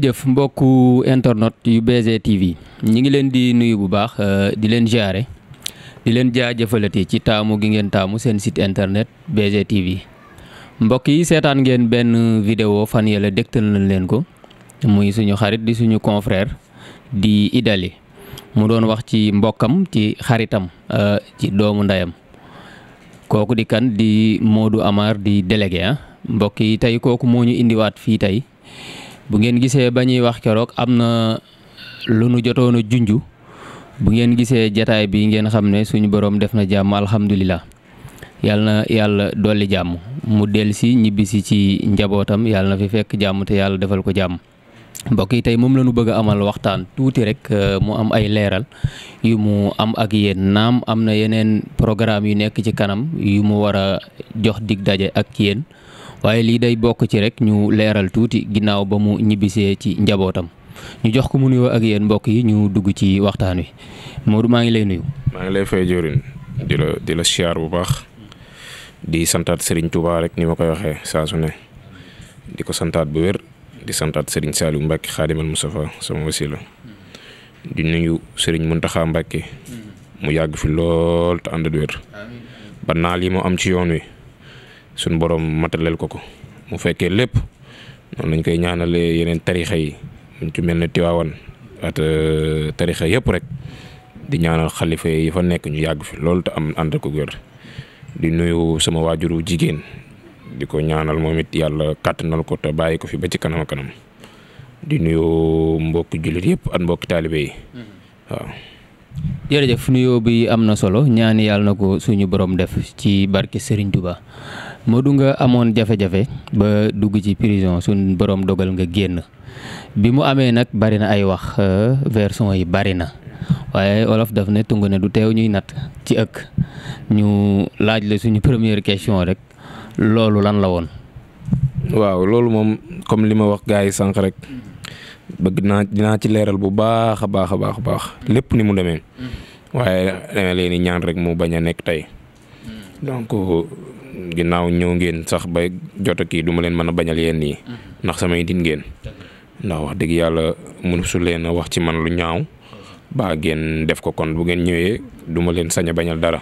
jëf mbokku internet yu BG TV ñi ngi leen di nuyu bu baax euh, di leen jaare di leen jaajëfalati ci taamu gi ngeen taamu seen sit internet BG TV mbokk yi seetaan ngeen benn vidéo fan yële dégtal nañ leen ko muy suñu xarit di suñu confrère di Idali mu doon wax ci mbokkam ci xaritam euh, ci doomu ndeyam kooku di kan di Modou Amar di délégué ah mbokk yi tey kooku moo ñu indiwaat fii tey. bu ngeen gisee ba ñuy wax keroog am na lu nu jotoon a junj bu ngeen gisee jataay bi ngeen xam ne suñu borom def na jàmm alhamdulilah yàlla na yàlla dolli jàmm mu del si ñibbisi ci njabootam yàlla na fi fekk jàmm te yàlla defal ko jàmm mbokk yi tey moom la ñu bëgg amal waxtaan tuuti rek euh, mu am ay leeral yu mu am ak yéen naam am na yeneen programme yu nekk ci kanam yu mu war a jox dig daje ak yéen waaye lii day bokk ci rek ñu leeral tuuti ginnaaw ba mu ñibbisee ci njabootam ñu jox ko mu nuyoo ak yéen mbokk yi ñu dugg ci waxtaan wi Modou maa ngi lay nuyu. maa ngi lay fay jëriñ di la siyaar bu baax di santaat sëriñ Touba rek ni ma koy waxee saa ne di ko santaat bu wér di santaat Serigne Saliou Mbacke mu Moustapha sama wasila di nuyu Serigne Mountakha Mbacke mm-hmm. mu yàgg fi lool te ànd wér ba naal yi mu am ci yoon wi. suñ borom mataleel ko ko mu fekkee lépp noonu lañ koy ñaanalee yeneen tarixa yi ñu ci mel ne Tiwaawan at euh, tarixa yëpp rek di ñaanal xalifa yi fa nekk ñu yàgg fi loolu te am ànd ko wér di nuyu sama waajuru jigéen di ko ñaanal moom it kàttanal ko ko fi ba ci kanam kanam di nuyoo mbokk jullit yëpp ak mbokki taalibe yi mm-hmm. waaw. jërëjëf nuyoo bi am na solo ñaani yàlla na ko suñu borom def ci barke Serigne Touba. Modou nga amoon jafe-jafe ba dugg ci prison suñ borom dogal nga génn bi mu amee nag bari na ay wax euh, version yi bari na waaye olof daf ne tungu ne du teew ñuy nat ci ëkk ñu laaj la suñu première question rek loolu lan la woon. waaw loolu moom comme li ma wax gars yi sànq rek bëgg naa dinaa ci leeral bu baax a baax a baax baax lépp ni mu demee mm. waaye dama leen ñaan rek mu bañ a nekk tey mm. ginnaaw ñëw ngeen sax ba jot kii duma leen mën a bañal yéen nii mm-hmm. ndax sama nit ngeen ndax wax dëgg yàlla mënu su leen a wax ci man lu ñaaw baa ngeen def ko kon bu ngeen ñëwee duma leen sañ a bañal dara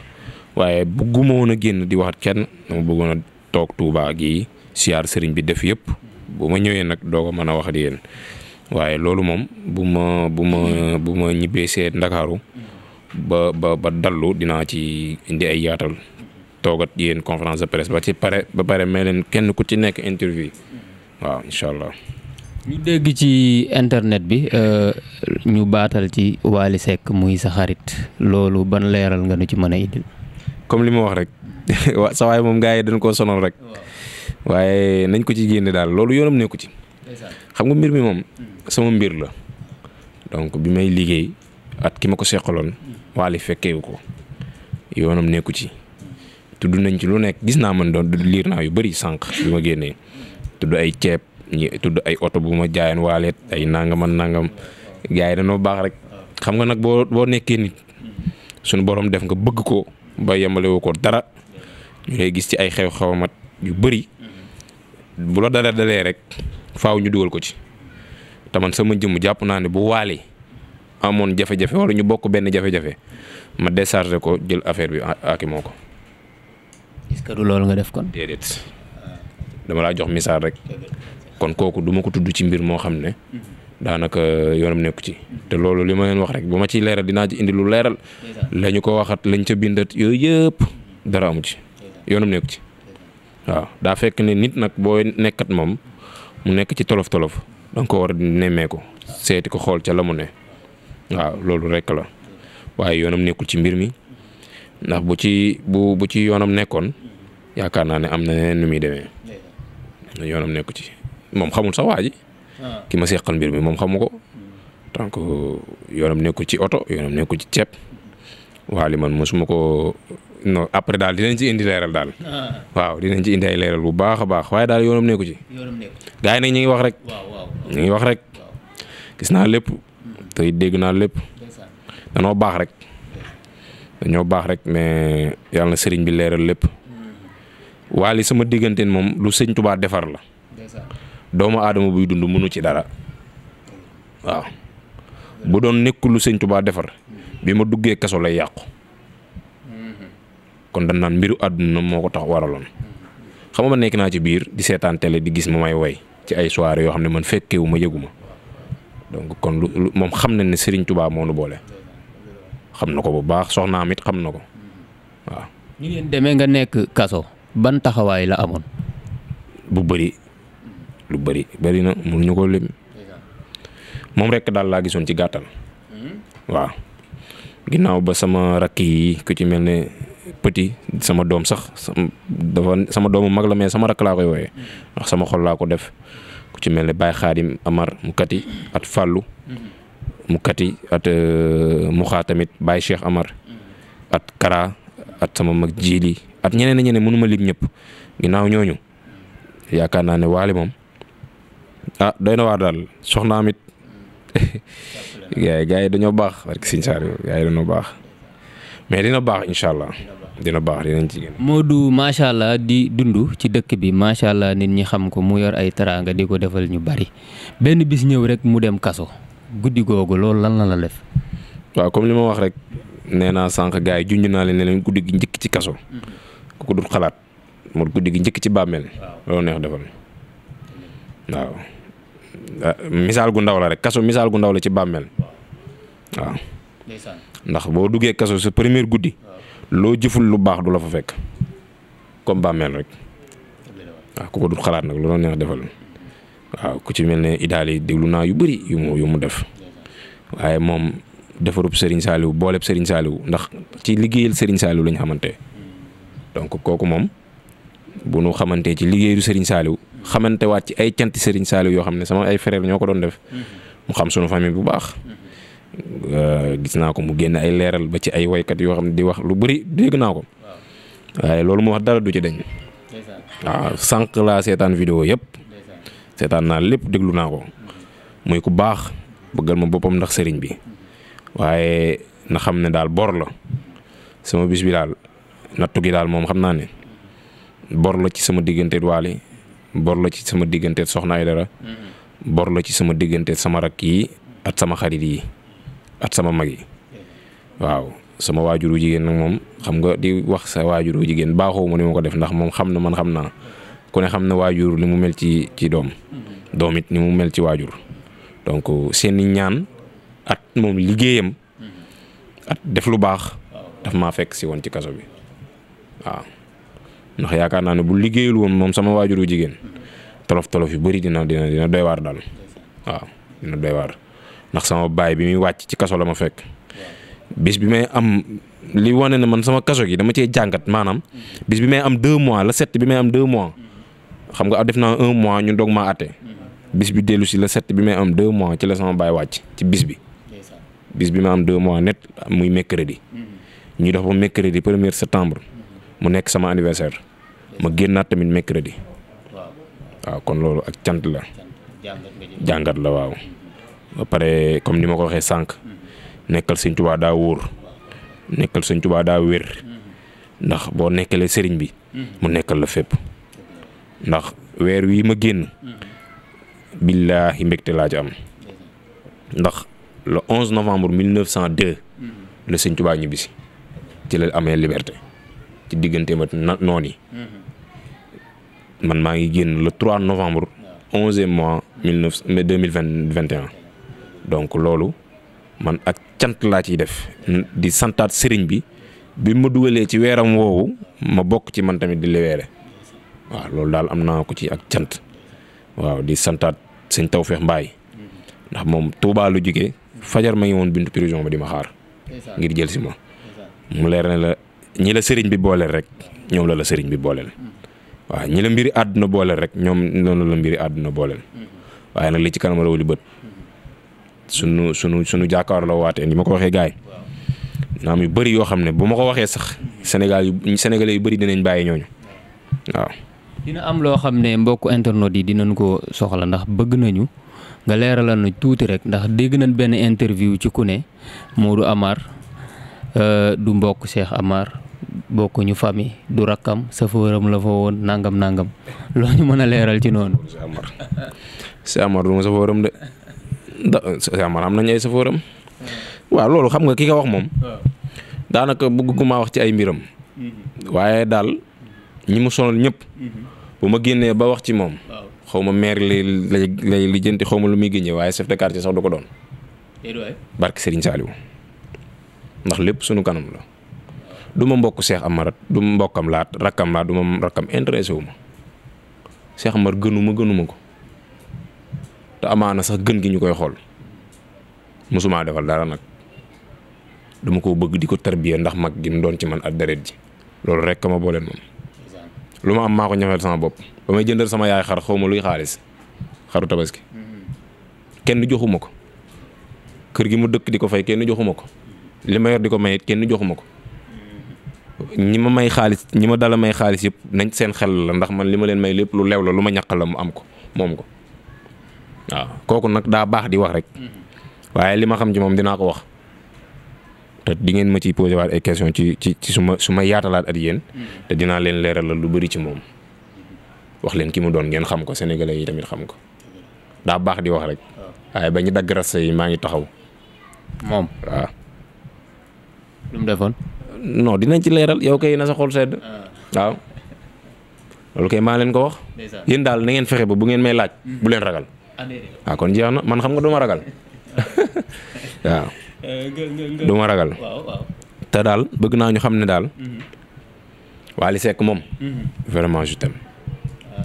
waaye bëgguma woon a génn di waxat kenn dama bëggoon a toog Tuubaa gi siyaar sëriñ bi def yëpp bu ma ñëwee nag doo ko mën a waxat yéen waaye loolu moom bu ma bu ma ñibbee seet Ndakaaru ba ba ba dallu dinaa ci indi ay yaatal toogat yéen conférence de presse ba ci pare ba pare may leen kenn ku ci nekk interview waaw incha allah. ñu dégg ci internet bi euh, ñu baatal ci Wally Seck muy sa xarit loolu ban leeral nga nu ci mën a indil. comme li ma wax rek wa sa waaye moom gars yi dañ koo sonal rek waaye nañ ko ci génne daal loolu yoonam nekku ci. xam nga mbir mi moom sama mbir la donc bi may liggéey at ki ma ko seqaloon Wally fekkeewu ko yoonam nekku ci. tudd nañ ci lu nekk gis naa man doon liir naa yu bëri sànq yu ma génnee tudd ay ceeb ñi tudd ay oto bu ma jaayan waaleet ay nangam nangam gars yi dañoo baax rek xam nga nag boo boo nekkee nit suñu borom def nga bëgg ko ba yemale woo ko dara ñu gis ci ay xew-xew mat yu bëri bu la rek faaw ñu dugal ko ci te man sama jëmm jàpp naa ne bu waalee amoon jafe-jafe wala ñu bokk benn jafe-jafe ma déchargé ko jël affaire bi aki moo ko que loolu nga def kon. déedéet dama laa jox misaal rek kon kooku duma ko tudd ci mbir moo xam ne daanaka yoonam nekku ci te loolu li ma leen wax rek bu ma ciy leeral dinaa ci indi lu leeral lañu ko waxat lañ ca bindat yooyu yëpp dara amu ci yoonam nekku ci waaw daa fekk ne nit nag boo nekkat moom mu nekk ci tolof tolof da ko war a nemmee ko seeti ko xool ca la mu ne waaw loolu rek la waaye yoonam nekkul ci mbir mi ndax bu ci bu bu ci yoonam nekkoon. yaakaar naa ne am na neneen nu muy demee yoonam nekku ci moom xamul sax waa ji ah. ki ma seqal mbir mi moom xamu ko hmm. donc yoonam nekku ci oto yoonam nekku ci ceeb waaye li man mosuma ko no après daal dinañ ci indi leeral daal. Ah. waaw dinañ ci indi ay leeral bu baax a baax waaye daal yoonam nekku ci. yoonam nekku ci gars ñu ngi wax rek. ñu ngi wax rek gis naa lépp hmm. te dégg naa lépp danoo baax rek ñoo baax rek mais yàlla na sëriñ bi leeral lépp. waali sama digganteen moom lu sëñ Tuubaa defar la doomu aadama buy dund mënu ci dara waaw bu doon nekkul lu sëñ Tuubaa defar bi ma duggee kaso lay yàqu mm-hmm. kon dañ naan mbiru àdduna moo ko tax waraloon mm-hmm. xam nga nekk naa ci biir di seetaan télé di gis ma may woy ci ay soirée yoo xam ne man fekkewu ma yëgu ma donc kon lu moom xam na ne Serigne tubaa moo nu boole xam na ko bu baax soxnaam it xam na ko mm-hmm. waaw. ñu ngeen demee nga nekk kaso ban taxawaay la amoon. bu bëri lu bëri bëri na mënuñu ko lim moom rek daal laa gisoon ci gàttal. Mhm. waaw ginnaaw ba sama rakk yi ku ci mel ne petit sama doom sax dafa sama doomu mag la mais sama rakk laa koy wooyee mhm. ndax sama xol laa ko def ku ci mel ne Baye Xaadim Amar mu kati at Fallou. Mhm. mu kati at euh, Mouxa tamit Baye Cheikh Amar. at Kara at sama mag jiili at ñeneen ñeneen mënu ma lim ñëpp ginaaw ñooñu yaakaar naa ne waale moom ah doy na waar daal soxnaam it yi dañoo baax parce que Sëñ Saaliw gars yi dañoo baax mais dina baax incha allah. dina baax dinañ ci moo du macha allah di dundu ci dëkk bi macha allah nit ñi xam ko mu yor ay teraanga di ko defal ñu bari benn bis ñëw rek mu dem kaso guddi googu loolu lan la la def. waa comme li ma wax rek nee naa sànq gars yi junj naa leen ne guddi gi njëkk ci kaso. Mm-hmm. ku ko dul xalaat mu guddi gi njëkk ci bàmmeel loolu neex defal waaw ah, misaal gu ndaw la rek kaso misaal gu ndaw la ci bàmmeel waaw ndax boo duggee kaso sa première guddi loo jëful lu baax du la fa fekk comme bàmmeel rek waaw ah, ku ko dul xalaat nag loolu neex defal waaw ku ci mel ni idaal yi déglu naa yu bari yu mu yu mu def waaye moom defarub Serigne Saliou booleb Serigne Saliou ndax ci liggéeyal Serigne Saliou lañ xamante donc kooku moom bu nu xamante ci liggéey liggéeyu Serigne Saliou xamante waat ci ay canti Serigne Saliou yoo xam ne sama ay frère ñoo ko doon def mu xam sunu famille bu baax. Euh, gis naa ko mu génn ay leeral ba ci ay waykat yoo xam ne di wax lu bari dégg naa ko waaye loolu mu wax dara du ci dañ waaw sànq laa seetaan vidéo yëpp seetaan naa lépp déglu naa ko muy ku baax bëggal ma boppam ndax sëriñ bi waaye na xam ne daal bor la sama bis bi daal nattu gi daal moom xam naa ne bor la ci sama diggante Waly bor la ci sama diggante Soxna Aïdara mm-hmm. bor la ci sama diggante sama rakk yi ak sama xarit yi ak sama mag yi waaw sama waajur wu jigéen nag moom xam nga di wax sa waajuru jigéen baaxoo ma ni ko def ndax moom xam na man xam naa ku ne xam na waajur li mu mel ci ci doom mm-hmm. doom it ni mu mel ci waajur donc seeni ñaan at moom liggéeyam mm-hmm. at def lu baax daf maa fekk si woon ci kaso bi waaw ndax yaakaar naa ne bu liggéeyul woon moom sama waajuru jigéen tolof tolof yu bëri dina dina dina doy waar daal waaw dina doy waar ndax sama baay bi muy wàcc ci kaso la ma fekk bis bi may am li wane ne man sama kaso gi dama cee jàngat maanaam bis bi may am deux mois la sept bi may am deux mois xam nga def naa un mois ñu doog maa àtte bis bi dellu si la sept bi may am deux mois ci la sama baay wàcc ci bis bi bis bi ma am deux mois net muy mercredi mm-hmm. ñu def ba mercredi premier septembre mu nekk sama anniversaire ma génnaat tamit mercredi waaw kon loolu ak cant la jàngat la waaw ba pare comme ni ma ko waxee sànq nekkal sëñ Tuubaa daa wóor nekkal sëñ Tuubaa daa wér ndax boo nekkalee sëriñ bi mu nekkal la fépp ndax weer wii ma génn billaahi mbégte laa am ndax lo 11 novembre 1902 la sëñ Tuubaa ñibbisi ci la amee liberté ci digganteem ak noon yi. man maa ngi génn le 3 novembre. onzième mois mille neuf mai deux mille vingt et un donc loolu man ak cant laa ciy def di santaat sëriñ bi bi mu dugalee ci weeram woowu ma bokk ci man tamit di weere waaw loolu daal am naa ko ci ak cant waaw di santaat sëñ feex Mbaay ndax moom Tuubaa lu jóge fajar ma ngi woon bintu prison ba di ma xaar ngir jël si ma mu leer ne la ñi la sëriñ bi booleel rek ñoom la la sëriñ bi booleel waaw ñi la mbiri àdduna booleel rek ñoom noonu la àdduna booleel waaye nag li ci kanam rawuli bët sunu sunu sunu jàkkaarloo waatee ni ma ko waxee gaay naam yu bari yoo xam ne bu ma ko waxee sax Sénégal yu Sénégalais yu bëri dinañ bàyyi ñooñu waaw. dina am loo xam ne mbokk internet yi dinañ ko soxla ndax bëgg nañu nga leeralal na tuuti rek ndax dégg nañ benn interview ci ku ne Modou Amar euh, du mbokk Cheikh Amar ñu famille du rakkam safooram la fa woon nangam nangam loo ñu mën a leeral ci noonu. si Amar du ma safooram de da si Amar am nañ ay safooram. waaw loolu xam nga ki ko wax moom. daanaka bugg ma wax ci ay mbiram. waaye daal ñi mu sonal ñëpp. bu ma génnee ba wax ci moom. xaw ma maire lay lay lay lijjanti xaw ma lu muy génnee waaye chef de quartier sax du ko doon. barke Serigne Saliou ndax lépp sunu kanam la. du ma mbokk Cheikh Amar du mbokkam laa rakkam laa du ma rakkam intéressé wu ma Cheikh Amar gënu ma gënu ko te amaana sax gën gi ñu koy xool mosuma defal dara nag dama koo bëgg di ko tarbiya ndax mag gi mu doon ci man ak deret ji loolu rek ma booleen moom. lu ma am maa ko ñafeel sama bopp ba may jëndal sama yaay xar xaw ma luy xaalis xaru tabaski kenn joxuma ko kër gi mu dëkk di ko fay kenn joxuma ko li ma di ko may it kenn joxuma ko. ñi ma may xaalis ñi ma dala may xaalis yëpp nañ seen xel la ndax man li ma leen may lépp lu leew la lu ma ñaq la mu am ko moom ko waaw kooku nag daa baax di wax rek waaye li ma xam ci moom dinaa ko wax te di ngeen ma ciy posé waat ay question ci ci ci su ma su ma yaatalaat at yéen te dinaa leen leeral leeralal lu bari ci moom wax leen ki mu doon ngeen xam ko sénégalais yi tamit xam ko daa baax di wax rek waaye ba ñu dagg rase yi maa ngi taxaw moom waaw defoon non dinañ ci leeral yow kay na sa xol sedd ah. waaw loolu kay maa leen ko wax yéen daal na fexe ba bu ngeen may laaj mm. bu leen ragal waaw ah, ah, kon jeex na man xam nga du euh, ragal waaw du ma ragal te daal bëgg naa ñu xam ne daal mm-hmm. Wally Seck moom mm-hmm. vraiment je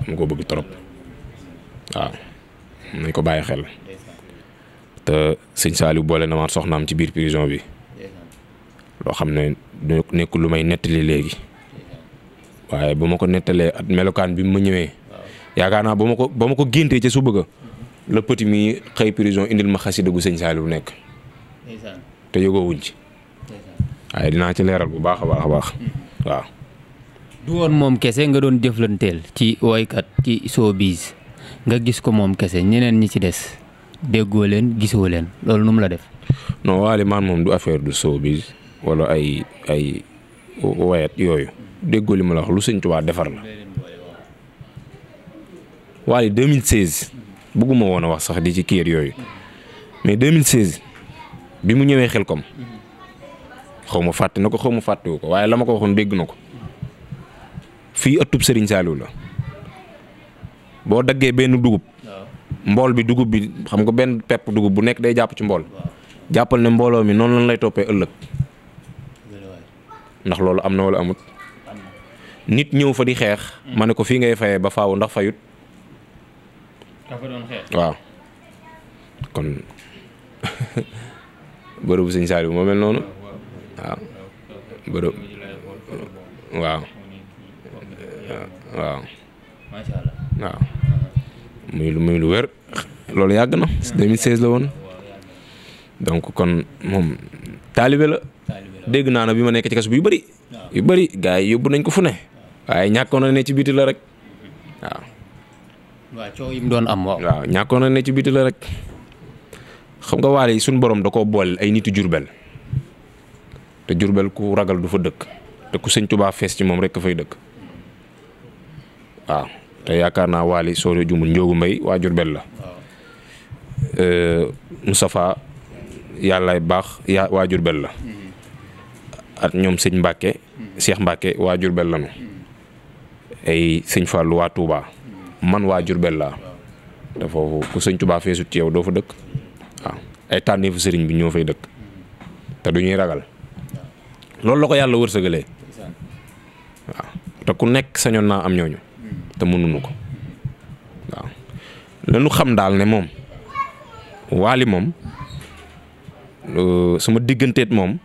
mu ko bëgg trop waaw nañ ko bàyyi xel te sëñ Saliou boole na ma soxnaam ci biir prison bi loo xam ne nekk lu may nettali léegi waaye bu ma ko nettalee at melokaan bi ma ñëwee yaakaar naa ba ma ko ba ma ko géntee ca su bëgg la petit mi xëy prison indil ma xasida gu sëñ bu nekk te yëgoowuñ ci waaye dinaa ci leeral bu baax a baax a baax mm-hmm. waaw. du woon moom kese nga doon jëflanteel ci woykat ci showbiz nga gis ko moom kese ñeneen ñi ci des déggoo leen gisoo leen loolu nu mu la def. non Waly man moom du affaire du showbiz wala ay ay wayat yooyu déggoo li ma la wax lu sëñ waa defar la waaye 2016 bëgguma woon a wax sax di ci yooyu mais 2016 bi mu ñëwee xel kom xaw ma fàtte na ko xaw ma fàttewu ko waaye la ma ko waxoon dégg na ko fii ëttub sëriñ Saliou la boo daggee benn dugub mbool bi dugub bi xam nga benn pepp dugub bu nekk day jàpp ci mbool jàppal ne mbooloo mi noonu lañ lay toppee ëllëg. ndax loolu am na wala amut nit ñëw fa di xeex mm. ma ne ko fii ngay fayee ba faaw ndax fayut waaw kon bërëbu sëñ Saaliw moo mel noonu waaw bërëb waaw waaw muy lu muy lu wér loolu yàgg na 2016 mm. la woon donc kon moom taalibe la dégg naa na bi ma nekk ci kaso bi yu bari yu bari gars yi yóbbu nañ ko fu ne waaye ñàkkoon na ne ci biti la rek waaw. waaw doon am waaw. ci biti rek xam nga waale yi suñu borom da koo boole ay nitu jurbel te jurbel ku ragal du fa dëkk te ku sëñ Tuubaa fees ci moom rek fay dëkk waaw te yaakaar naa waali soo dee jumul may waa jurbel la euh, Moustapha yàllaay baax yaa waa jurbel la mm-hmm. ak ñoom sëñ Mbacke Cheikh Mbacke waa Jurbel lañu ay sëñ Fallou waa Touba man waa Jurbel laa te foofu ku sëñ Touba feesut ci yow doo fa dëkk waaw ay tànneefu sëriñ bi ñoo fay dëkk te du ñuy ragal loolu la ko yàlla wërsëgalee waaw te ku nekk sañoon naa am ñooñu te mënuñu ko waaw lañu xam daal ne moom waali moom suma digganteet moom.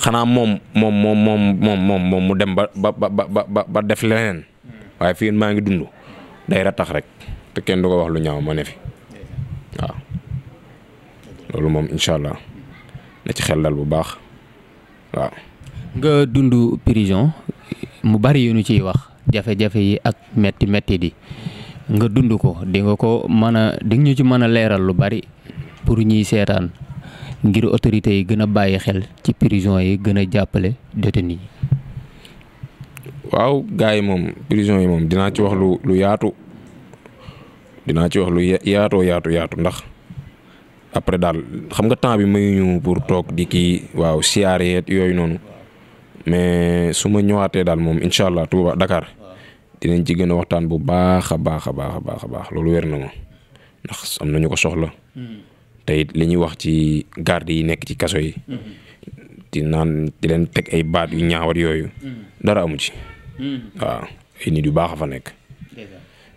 xanaa moom moom moom moom moom moom mu dem ba ba ba ba ba def leneen waaye fii maa ngi dund day ratax rek te kenn du ko wax lu ñaaw ma ne fi waaw loolu moom incha allah na ci xel dal bu baax waaw. nga dund prison mu bari yu ñu ciy wax jafe-jafe yi ak metti metti di nga dund ko di nga ko mën a di ñu ci mën a leeral lu bari pour ñiy seetaan. ngir autorités yi gën a bàyyi xel ci prison yi gën a jàppale détenus yi. waaw gars yi moom prison yi moom dinaa ci wax lu lu yaatu dinaa ci wax lu yaatoo yaatu yaatu ndax après daal xam nga temps bi mayuñu pour toog di kii waaw siyaare yooyu noonu mais su ma ñëwaatee daal moom incha allah Touba Dakar dinañ ci gën a waxtaan bu baax a baax a baax a baax a baax loolu wér na ma ndax am na ñu ko soxla. Hmm. te it li ñuy wax ci garde yi nekk ci kaso yi. di naan di leen teg ay baat yu ñaawat yooyu. dara amu ci. waaw yu baax a fa nekk.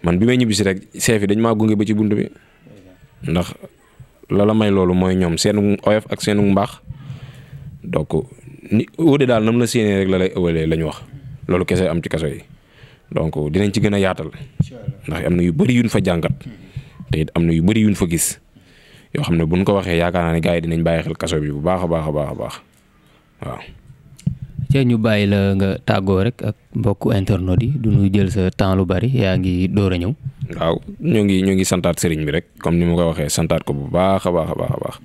man bi may ñibbisi rek chef yi dañ maa gunge ba ci bunt bi. ndax la la may loolu mooy ñoom seen oyof ak seenu mbaax. donc ni daal nam la séenee rek la lay la ñu wax. loolu kese am ci kaso yi. donc dinañ ci gën a yaatal. ndax na yu bëri yuñ fa jàngat. te am na yu bëri yuñ fa gis. yoo xam ne buñ ko waxee yaakaar naa ne gars yi dinañ bàyyi xel kaso bi bu baax a baax a baax a baax waaw. cee ñu bàyyi la nga tàggoo rek ak mbokk internet yi du ñu jël sa temps lu bari yaa ngi door a ñëw. waaw ñoo ngi ñoo ngi santaat sëriñ bi rek comme ni ma ko waxee santaat ko bu baax a baax a baax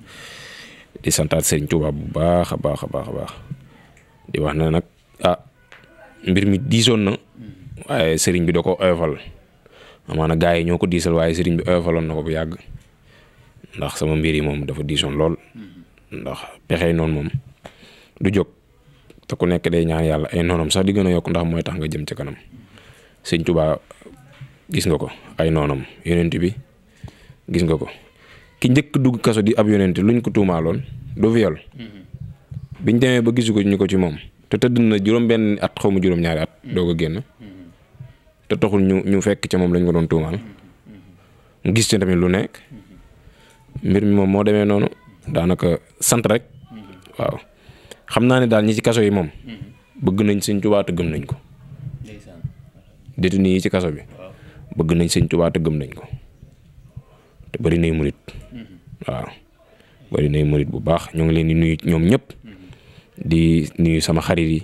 di santaat sëriñ Tuubaa bu baax a baax a baax a baax di wax na nag ah mbir mi diisoon na waaye sëriñ bi da ko oyofal amaana gars yi ñoo ko diisal waaye sëriñ bi oyofaloon na ko bu yàgg. ndax sama mbir yi moom dafa diisoon lool ndax pexey noonu moom du jóg te ku nekk day ñaan yàlla ay noonam sax di gën a yokk ndax mooy tax nga jëm ca kanam sëñ Tuubaa gis nga ko ay noonam yonent bi gis nga ko ki njëkk dugg kaso di ab yonent luñ ko tuumaaloon du viol biñ demee ba gisu ko ñu ko ci moom te tëdd na juróom-benn at xaw ma juróom-ñaari at doo ko génn te taxul ñu ñu fekk ca moom lañ ko doon tuumaal gis ci tamit lu nekk mbir mi moom moo demee noonu daanaka sant rek waaw xam naa ni daal ñi ci kaso yi moom bëgg nañ sëñ Tuubaa te gëm nañ ko détenu yi ci kaso bi bëgg nañ sëñ te gëm nañ ko te bëri nay murit mhm. waaw bëri nay murit bu baax ñoo ngi leen di nuyu ñoom ñëpp mhm. di nuyu sama xarit yi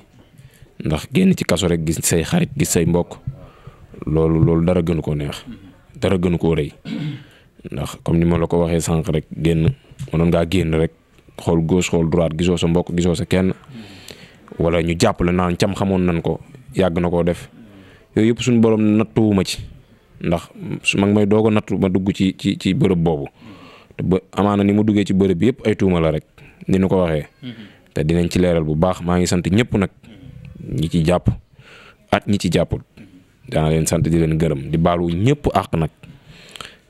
ndax génn ci kaso rek gis say xarit gis say mbokk loolu loolu dara gënu koo neex mhm. dara gënu koo rëy ndax comme ni ma la ko waxee sànq rek génn mënoon ngaa génn rek xool gauche xool droite gisoo sa mbokk gisoo sa kenn wala ñu jàpp la naan cam xamoon nañ ko yàgg na koo def yooyu yëpp suñu borom nattuwuma ci ndax su ma may doog a nattu ma dugg ci ci ci bërëb boobu te ba amaana ni mu duggee ci bërëb yëpp ay tuuma la rek ni nu ko waxee. Mm-hmm. te dinañ ci leeral bu baax maa ngi sant ñëpp nag ñi ci jàpp at ñi ci jàppul mm-hmm. daana leen sant di leen gërëm di baalu ñëpp àq nag.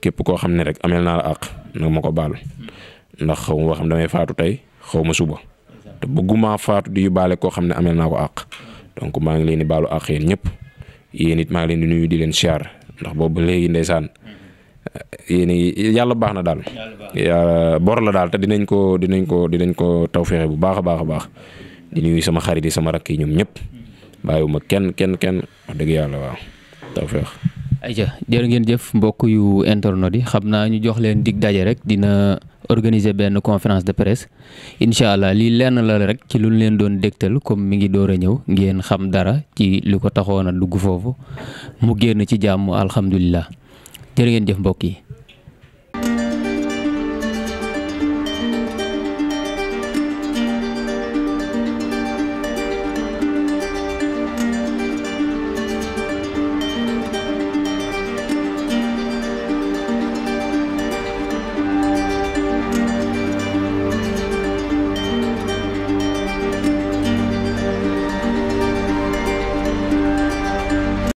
képp koo xam ne rek ameel naa la àq nag ma ko baal ndax xaw ma xam damay faatu tey xaw ma suba te bëgguma faatu di baale koo xam ne ameel naa ko àq donc maa ngi leen di baalu àq yéen ñëpp yéen it maa ngi leen di nuyu di leen siyaar ndax boobu léegi ndeysaan eh, yéen yàlla baax na daal yàlla bor la daal te dinañ ko dinañ ko dinañ ko tawféexe bu baax a baax a baax di nuyu sama xarit yi sama rakk yi ñoom ñëpp bàyyiwuma kenn kenn kenn wax dëgg yàlla waaw ayca jërë ngeen jëf mbokk yu internet yi xam naa ñu jox leen dig daje rek dina organiser benn conférence de presse incha allah lii lenn la rek ci lu ñu leen doon dégtal comme mi ngi door a ñëw ngeen xam dara ci li ko taxoon a dugg foofu mu génn ci jàmm alhamdulilah jërë ngeen jëf mbokk yi.